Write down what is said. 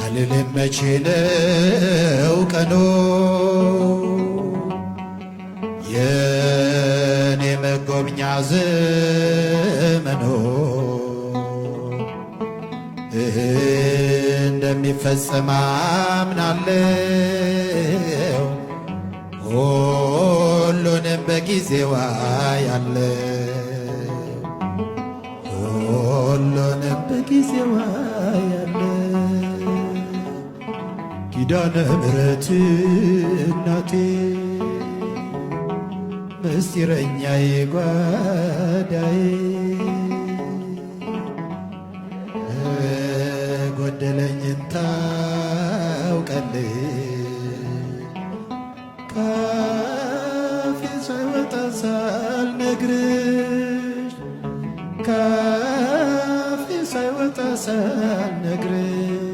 አልልም መቼ ነው ቀኑ የኔ መጎብኛ ዘመኖ እንደሚፈጸም አምናለው ሁሉንም በጊዜዋ ያለ ሁሉንም በጊዜዋ ያለ ኪዳነ ምሕረት እናቴ ምስጢረኛዬ ጓዳዬ ጎደለኝ ታውቃለሽ ካፌ ሳይወጣ ሳልነግርሽ ካፌ ሳይወጣ ሳልነግርሽ